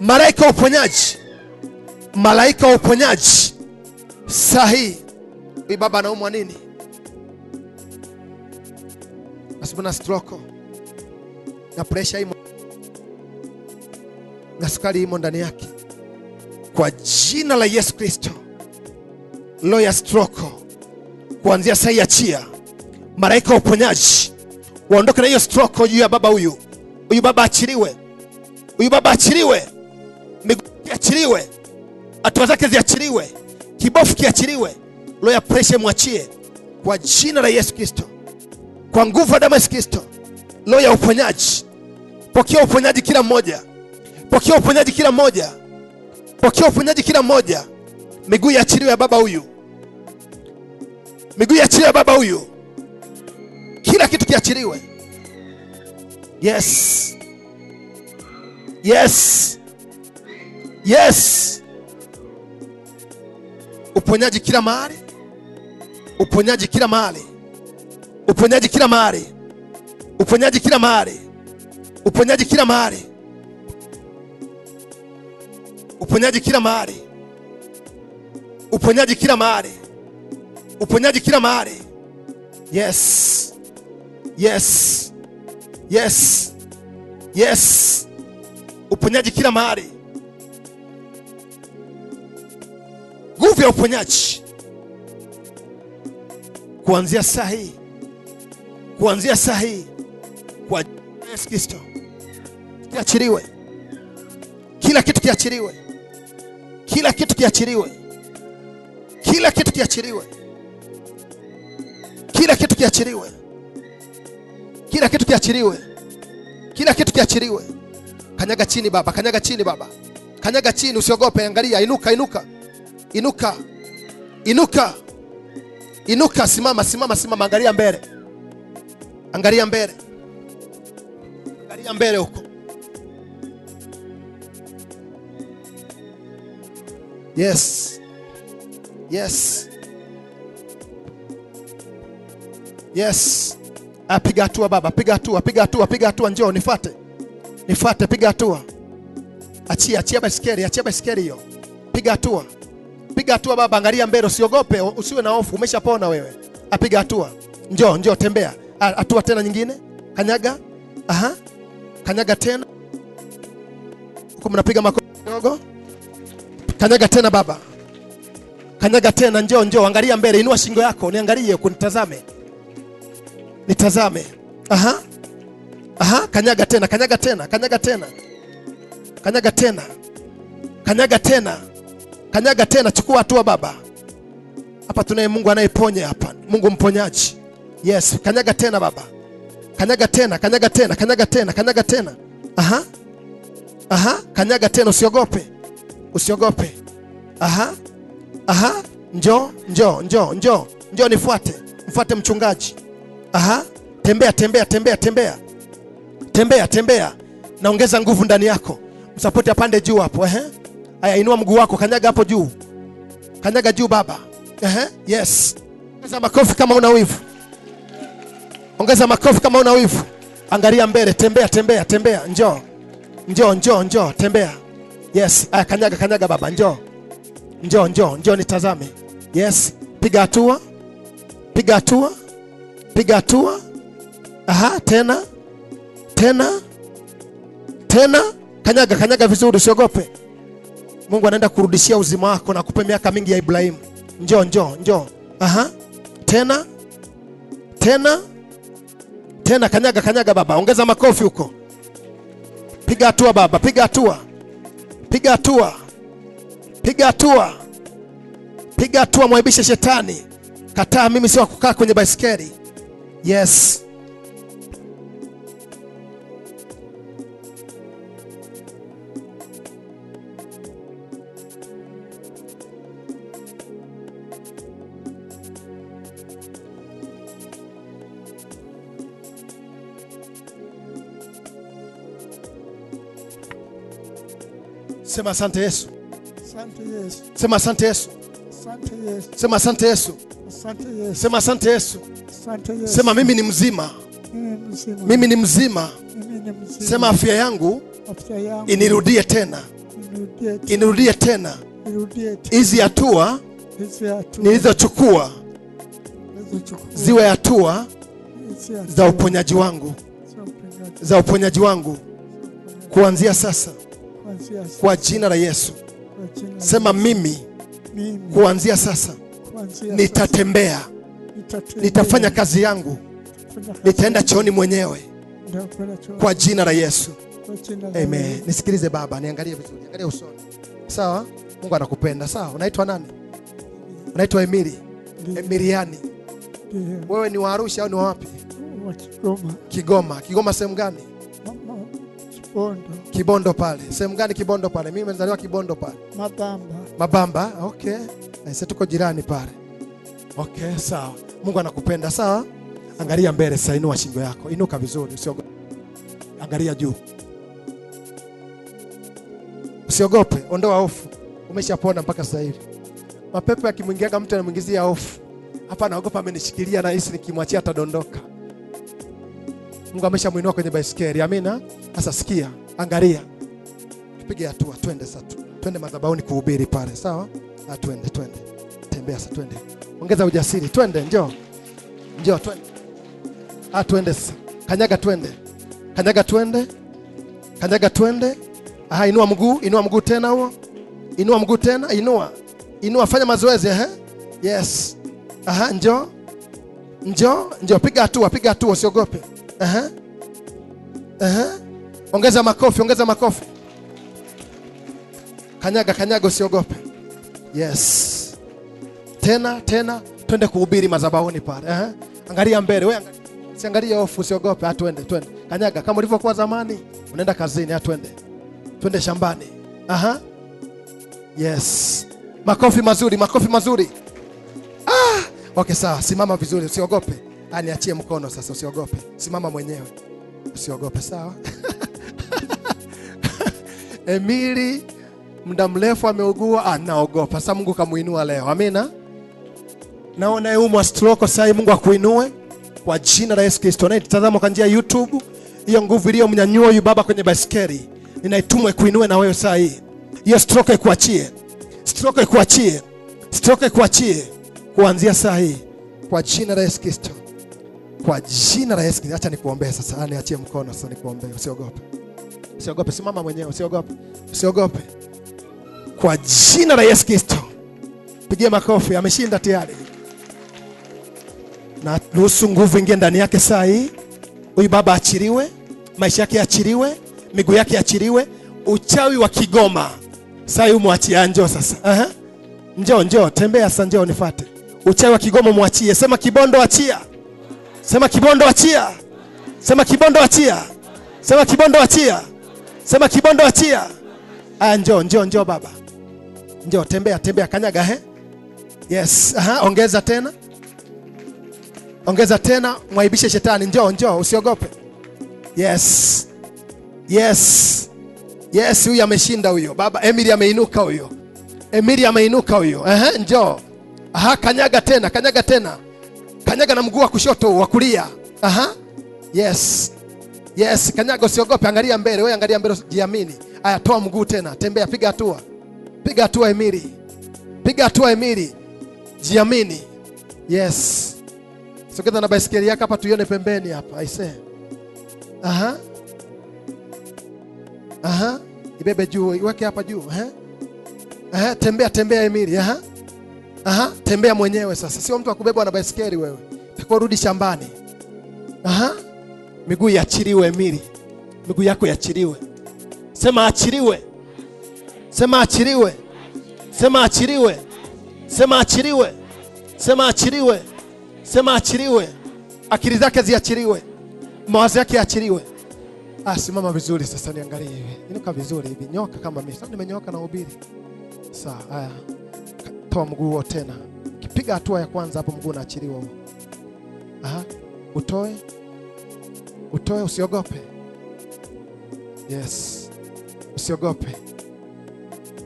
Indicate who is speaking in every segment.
Speaker 1: malaika wa uponyaji, malaika wa uponyaji saa Huyu baba anaumwa nini? na stroko na presha imo na sukari imo ndani yake, kwa jina la Yesu Kristo, loya ya stroko kuanzia saa ya chia, malaika wa uponyaji waondoke na hiyo stroko juu ya baba huyu. Huyu baba achiliwe, huyu baba achiliwe miguu iachiliwe, hatua zake ziachiliwe, kibofu kiachiliwe, roho ya presha mwachie kwa jina la Yesu Kristo, kwa nguvu ya damu ya Kristo. Roho ya uponyaji, pokea uponyaji kila mmoja, pokea uponyaji kila mmoja, pokea uponyaji kila mmoja. Miguu iachiliwe ya baba huyu, miguu iachiliwe ya baba huyu, kila kitu kiachiliwe. Yes, yes. Yes! Uponyaji kila mahali, uponyaji kila mahali, uponyaji kila mahali, uponyaji kila mahali, uponyaji kila mahali, uponyaji kila mahali, uponyaji kila mahali, uponyaji kila mahali. Yes, yes, yes, yes, uponyaji kila mahali. nguvu ya uponyaji kuanzia saa hii, kuanzia saa hii, kwa Yesu Kristo kiachiliwe, kila kitu kiachiliwe, kila kitu kiachiliwe, kila kitu kiachiliwe, kila kitu kiachiliwe, kila kitu kiachiliwe, kila kitu kiachiliwe. Kanyaga chini baba, kanyaga chini baba, kanyaga chini, usiogope, angalia, inuka, inuka Inuka, inuka, inuka, simama, simama, simama, angalia mbele, angalia mbele, angalia mbele huko. Yes, yes, yes. Apiga ah, hatua baba, piga hatua, piga hatua, piga hatua, njoo nifuate, nifuate, piga hatua, achia, achia baiskeli, achia baiskeli hiyo, piga hatua. Piga hatua baba, angalia mbele, usiogope, usiwe na hofu, umeshapona wewe. Apiga hatua, njoo njoo, tembea hatua tena nyingine, kanyaga. Aha, kanyaga tena huko, mnapiga makofi kidogo. Kanyaga tena baba, kanyaga tena, njoo njoo, angalia mbele, inua shingo yako, niangalie, kunitazame, nitazame. Aha, aha, kanyaga tena, kanyaga tena, kanyaga tena, kanyaga tena, kanyaga tena Kanyaga tena, chukua hatua Baba. Hapa tunaye Mungu anayeponya hapa, Mungu mponyaji. Yes, kanyaga tena Baba, kanyaga tena, kanyaga tena, kanyaga tena, kanyaga tena. Aha, aha, kanyaga tena, usiogope, usiogope. Aha, aha, Njo, njo, njo, njo, njo, nifuate, mfuate mchungaji. Aha, tembea, tembea, tembea, tembea, tembea, tembea, naongeza nguvu ndani yako. Msapoti apande juu hapo, ehe. Aya, inua mguu wako, kanyaga hapo juu, kanyaga juu baba. Ehe, yes. Ongeza makofi kama una wivu, ongeza makofi kama una wivu. Angalia mbele, tembea, tembea, tembea, njoo, njoo, njoo, njoo, tembea. Yes. aya, kanyaga, kanyaga baba, njoo, njoo, njoo, njoo, nitazame. Yes, piga hatua, piga hatua, piga hatua. Aha, tena, tena, tena, kanyaga, kanyaga vizuri, usiogope. Mungu anaenda kurudishia uzima wako na kupe miaka mingi ya Ibrahimu. Njoo, njoo, njoo. Aha. Tena tena tena, kanyaga, kanyaga baba, ongeza makofi huko, piga hatua baba, piga hatua, piga hatua, piga hatua, piga hatua, mwaibishe shetani. Kataa, mimi si wa kukaa kwenye baisikeli. Yes. Sema asante Yesu.
Speaker 2: Asante Yesu.
Speaker 1: Sema asante Yesu. Asante Yesu. Sema asante Yesu. Asante Yesu. Sema asante Yesu. Asante Yesu. Sema mimi ni mzima. Mimi ni mzima. Sema afya yangu inirudie tena. Inirudie tena. Hizi hatua nilizochukua ziwe hatua za uponyaji wangu. Za uponyaji wangu kuanzia sasa kwa jina la Yesu. Sema mimi kuanzia sasa nitatembea, nitafanya kazi yangu, nitaenda chooni mwenyewe kwa jina la Yesu. Amen. Nisikilize baba, niangalie vizuri, angalia usoni. Sawa, Mungu anakupenda. Sawa, unaitwa nani? Unaitwa Emili. Emiliani. Wewe ni wa Arusha au ni wa wapi? Kigoma. Kigoma, Kigoma sehemu gani? Kibondo. Kibondo pale. Sehemu gani Kibondo pale? Mimi nimezaliwa Kibondo pale. Mabamba. Mabamba, okay. Sisi tuko jirani pale. Okay, sawa. Mungu anakupenda, sawa? Angalia mbele sasa, inua shingo yako. Inuka vizuri, usiogope. Angalia juu. Usiogope, ondoa hofu. Umeshapona mpaka sasa hivi. Mapepo yakimwingiaga mtu anamwingizia hofu. Hapa naogopa amenishikilia na hisi nikimwachia atadondoka. Mungu ameshamwinua kwenye baisikeli. Amina. Sasa sikia, angalia, tupige hatua, twende sasa, twende madhabahuni kuhubiri pale, sawa? Ah, twende, twende, tembea sasa, twende, ongeza ujasiri, twende, njoo, njoo, twende, ah, twende sasa, kanyaga, twende, kanyaga, twende, kanyaga, twende. Aha, inua mguu, inua mguu tena huo, inua mguu tena, inua, inua, fanya mazoezi, ehe, yes. Aha, njoo, njoo, njoo, piga hatua, piga hatua, usiogope. Aha. Aha. Ongeza makofi, ongeza makofi. Kanyaga, kanyaga, usiogope. Yes. Tena tena, twende kuhubiri mazabauni pale. Aha. Angalia mbele wewe, angalia. Siangalie hofu, usiogope. Atwende, twende. Kanyaga kama ulivyokuwa zamani. Unaenda kazini, atwende. Twende shambani. Aha. Yes. Makofi mazuri, makofi mazuri. Ah, okay sawa, simama vizuri, usiogope aniachie mkono sasa, usiogope, simama mwenyewe, usiogope. Sawa. Emili muda mrefu ameugua, anaogopa. Sasa Mungu kamuinua leo, amina. Naona umwa stroke sasa, Mungu akuinue kwa jina la Yesu Kristo. Tazama kwa njia ya YouTube, hiyo nguvu iliyomnyanyua huyu baba kwenye basikeli, ninaitumwa ikuinue na wewe saa hii. Hiyo stroke ikuachie, stroke ikuachie, stroke ikuachie kuanzia saa hii kwa jina la Yesu Kristo. Kwa jina la Yesu, acha nikuombee sasa. Niachie yaani, mkono sasa nikuombee. Usiogope. Usiogope, simama mwenyewe, usiogope. Usiogope. Kwa jina la Yesu Kristo. Pigie makofi, ameshinda tayari. Na ruhusu nguvu ingie ndani yake saa hii. Huyu baba achiriwe, maisha yake achiriwe, miguu yake achiriwe, uchawi wa Kigoma. Saa hii umwachia, ah, njoo sasa. Aha. Njoo, njoo, tembea sasa, njoo nifuate. Uchawi wa Kigoma mwachie. Sema Kibondo achia. Sema kibondo achia. Sema kibondo achia. Sema kibondo achia. Sema kibondo achia. Aya, njoo njoo njoo baba. Njoo tembea tembea kanyaga he. Eh? Yes, aha, ongeza tena. Ongeza tena, mwaibishe shetani. Njoo njoo, usiogope. Yes. Yes. Yes, huyu ameshinda huyo. Baba Emily ameinuka huyo. Emily ameinuka huyo. Ehe, njoo. Aha, kanyaga tena, kanyaga tena. Kanyaga na mguu wa kushoto, wa kulia. Aha. Yes. Yes, kanyaga, usiogope, angalia mbele. Wewe angalia mbele, jiamini. Aya, toa mguu tena, tembea, piga hatua, piga hatua, Emili, piga hatua, Emili, jiamini. Yes, sogeza na baisikeli yako hapa, tuione pembeni hapa. Aise, aha, aha, ibebe juu, iweke hapa juu. eh aha, tembea, tembea, Emili, aha uh-huh. Aha, tembea mwenyewe sasa, sio mtu akubebwa na baisikeli wewe. Takuwa rudi shambani. Aha, miguu iachiliwe mili miguu yako iachiliwe. Sema achiliwe, sema achiliwe, sema achiliwe, sema achiliwe, sema achiliwe, sema achiliwe. Akili zake ziachiliwe, mawazo yake yaachiliwe. Ah, simama vizuri sasa, niangalie hivi, inuka vizuri hivi, nyoka kama mimi. Sasa nimenyoka na ubiri. Sawa, haya toa mguu huo tena. Ukipiga hatua ya kwanza hapo, mguu unaachiliwa huo. Aha, utoe, utoe, usiogope. Yes, usiogope,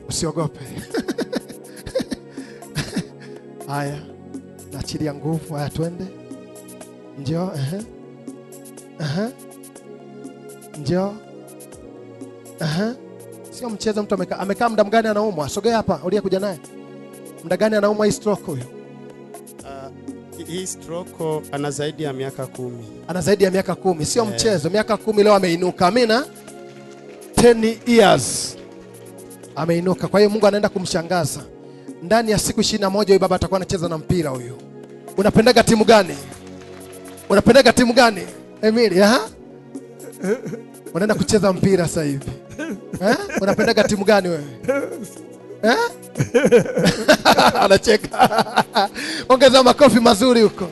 Speaker 1: usiogope. Haya, naachilia nguvu. Haya, twende, njoo. Ehe, Aha. njoo. Aha. sio mchezo. Mtu amekaa amekaa muda mgani anaumwa? Sogea hapa, uliye kuja naye muda gani anaumwa hii stroke huyo?
Speaker 2: Uh, hii stroke ana zaidi ya miaka kumi,
Speaker 1: ana zaidi ya miaka kumi, sio yeah. mchezo. Miaka kumi leo ameinuka, amina, 10 years ameinuka. Kwa hiyo Mungu anaenda kumshangaza ndani ya siku 21, na Huyu baba atakuwa anacheza na mpira huyu. Unapendaga timu gani? Unapendaga timu gani Emily? Aha, unaenda kucheza mpira sasa hivi eh? Unapendaga timu gani wewe? eh? anacheka ongeza makofi mazuri huko.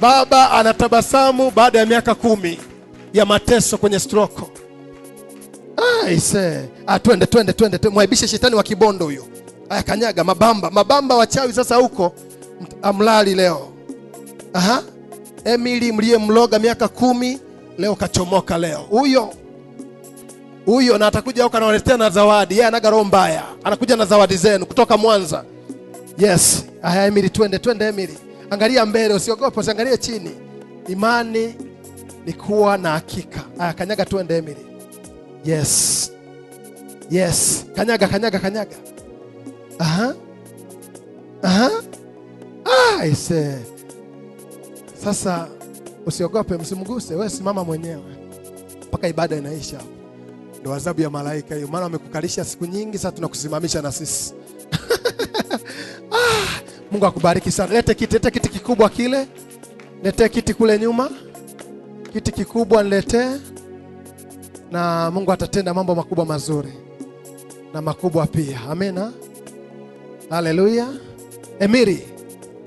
Speaker 1: Baba anatabasamu baada ya miaka kumi ya mateso kwenye stroko. Aise, ah, twende twende twende, mwaibishe shetani wa kibondo huyo. Aya, kanyaga mabamba, mabamba wachawi sasa huko amlali leo. Aha. mliye mloga miaka kumi leo kachomoka leo huyo huyo na atakuja huko anawaletea na zawadi. Yeye anaga roho mbaya, anakuja na zawadi zenu kutoka Mwanza. Yes, haya Emily, twende twende Emily, angalia mbele, usiogope, usiangalie chini. Imani ni kuwa na hakika. Haya, kanyaga, twende Emily. Yes, yes, kanyaga, kanyaga, kanyaga. Aha, aha, ah, sasa, usiogope, msimguse. Wewe simama mwenyewe mpaka ibada inaisha. Ndo adhabu ya malaika hiyo, maana wamekukalisha siku nyingi, sasa tunakusimamisha na sisi ah, Mungu akubariki sana. Lete kiti, lete kiti kikubwa kile, letee kiti kule nyuma, kiti kikubwa niletee, na Mungu atatenda mambo makubwa mazuri na makubwa pia. Amina, haleluya. Emiri,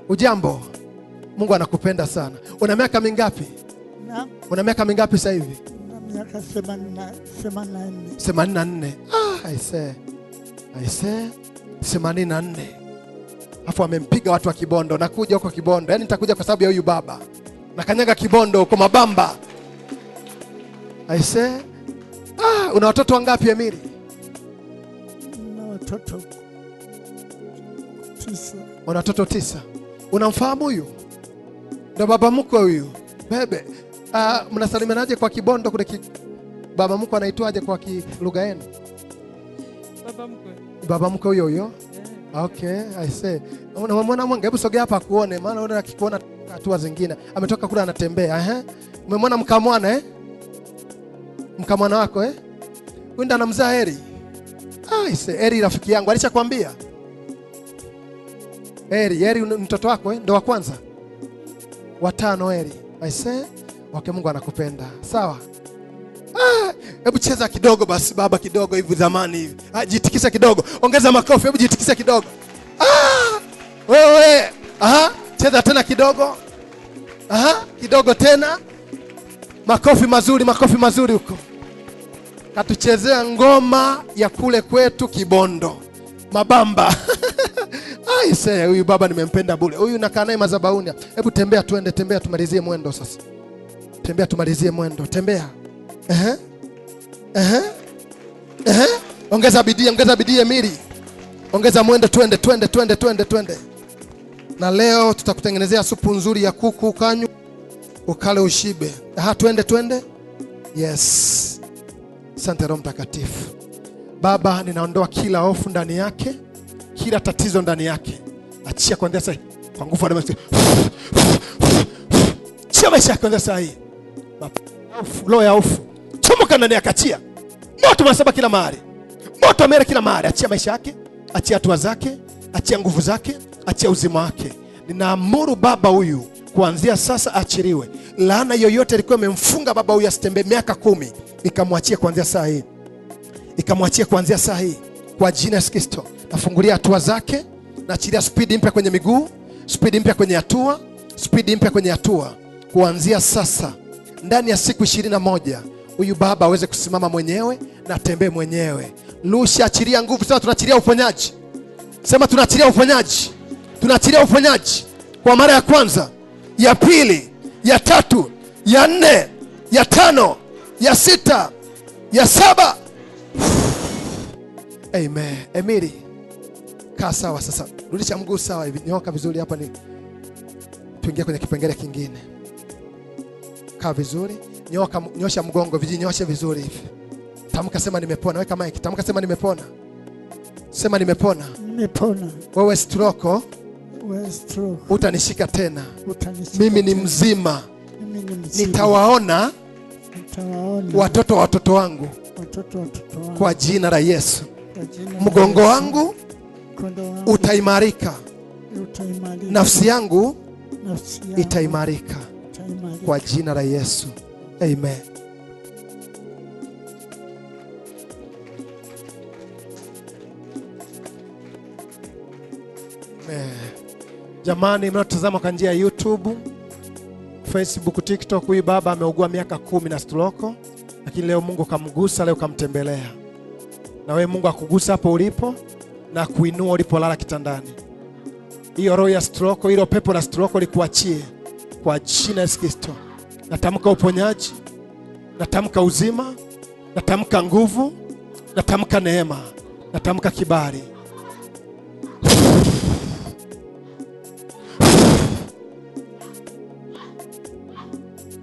Speaker 1: ujambo? Mungu anakupenda sana. Una miaka mingapi? Una miaka mingapi sasa hivi?
Speaker 2: miaka 84
Speaker 1: ah, 84 afu amempiga watu wa Kibondo. Nakuja huko Kibondo, yani nitakuja kwa sababu ya huyu baba. Nakanyaga Kibondo huko Mabamba. Aisee ah, una watoto wangapi Emiri
Speaker 2: Na watoto
Speaker 1: tisa. Una watoto tisa. Unamfahamu huyu? Ndo baba mkwe huyu bebe uh, mnasalimianaje kwa Kibondo kule ki... baba mkwe anaitwaje kwa lugha yenu? Baba mkwe, baba mkwe huyo huyo yeah. Okay, I say mwana Mwanga, hebu sogea hapa kuone, maana unaona akikuona hatua zingine, ametoka kule anatembea. Ehe, umemwona mkamwana eh? Mkamwana wako eh? Huyu ndo anamzaa Heri. Ah, I say Heri rafiki yangu alishakwambia Heri, Heri mtoto wako eh? Ndo wa kwanza watano Heri. I say okay, Mungu anakupenda sawa. Ah, hebu ah, cheza kidogo basi baba, kidogo hivi zamani hivi ah, jitikisa kidogo, ongeza makofi, hebu jitikisa kidogo ah, wewe aha, cheza tena kidogo aha, kidogo tena, makofi mazuri, makofi mazuri huko. Katuchezea ngoma ya kule kwetu Kibondo Mabamba. Aisee, huyu baba nimempenda bule. Huyu nakaa naye mazabauni. Hebu tembea, tuende, tembea tumalizie mwendo sasa. Tembea tumalizie mwendo, tembea. Ehe, ehe, ehe. Ongeza bidii, ongeza bidii Emili, ongeza mwendo, twende, twende, twende, twende, twende. Na leo tutakutengenezea supu nzuri ya kuku, kanyu ukale ushibe. Aha, twende, twende. Yes. sante Roho Mtakatifu. Baba, ninaondoa kila hofu ndani yake, kila tatizo ndani yake. Achia kuanzia sasa kwa nguvu ya Chia maisha yake kuanzia hii roho ya hofu chomoka ndani akatia moto unasaba kila mahali moto amera kila mahali achia maisha yake achia hatua zake achia nguvu zake achia uzima wake ninaamuru baba huyu kuanzia sasa achiriwe laana yoyote ilikuwa imemfunga baba huyu asitembee miaka kumi ikamwachia kuanzia saa hii ikamwachia kuanzia saa hii kwa jina Yesu Kristo nafungulia hatua zake naachilia spidi mpya kwenye miguu spidi mpya kwenye hatua spidi mpya kwenye hatua kuanzia sasa ndani ya siku ishirini na moja huyu baba aweze kusimama mwenyewe na tembe mwenyewe. Lusha, achiria nguvu. Sema tunaachilia uponyaji, sema tunaachiria uponyaji, tunaachilia uponyaji kwa mara ya kwanza, ya pili, ya tatu, ya nne, ya tano, ya sita, ya saba. Amen. Emiri, kaa sawa sasa, rudisha mguu sawa hivi, nyoka vizuri hapa, ni tuingia kwenye kipengele kingine. Kaa vizuri, nyoka, nyosha mgongo, vijinyoshe vizuri hivi. Tamka sema nimepona. Weka mike Tamka sema nimepona. Sema nimepona.
Speaker 2: Nimepona.
Speaker 1: Wewe stroke. Oh. Wewe stroke. Utanishika tena. Utanishika. Mimi ni mzima. Mimi ni mzima. Nitawaona. Nitawaona. Watoto wa watoto wangu. Watoto wa watoto wangu. Kwa jina la Yesu. Mgongo wangu utaimarika. Utaimarika. Nafsi yangu, Nafsi yangu itaimarika kwa jina la Yesu, amen. amen. Jamani mnaotazama kwa njia ya YouTube, Facebook, TikTok, huyu baba ameugua miaka kumi na stroko, lakini leo Mungu kamgusa, leo kamtembelea. Na wewe Mungu akugusa hapo ulipo na kuinua ulipolala kitandani. Hiyo roho ya stroke, hilo pepo la stroke likuachie kwa jina Yesu Kristo. Natamka uponyaji, natamka uzima, natamka nguvu, natamka neema, natamka kibali.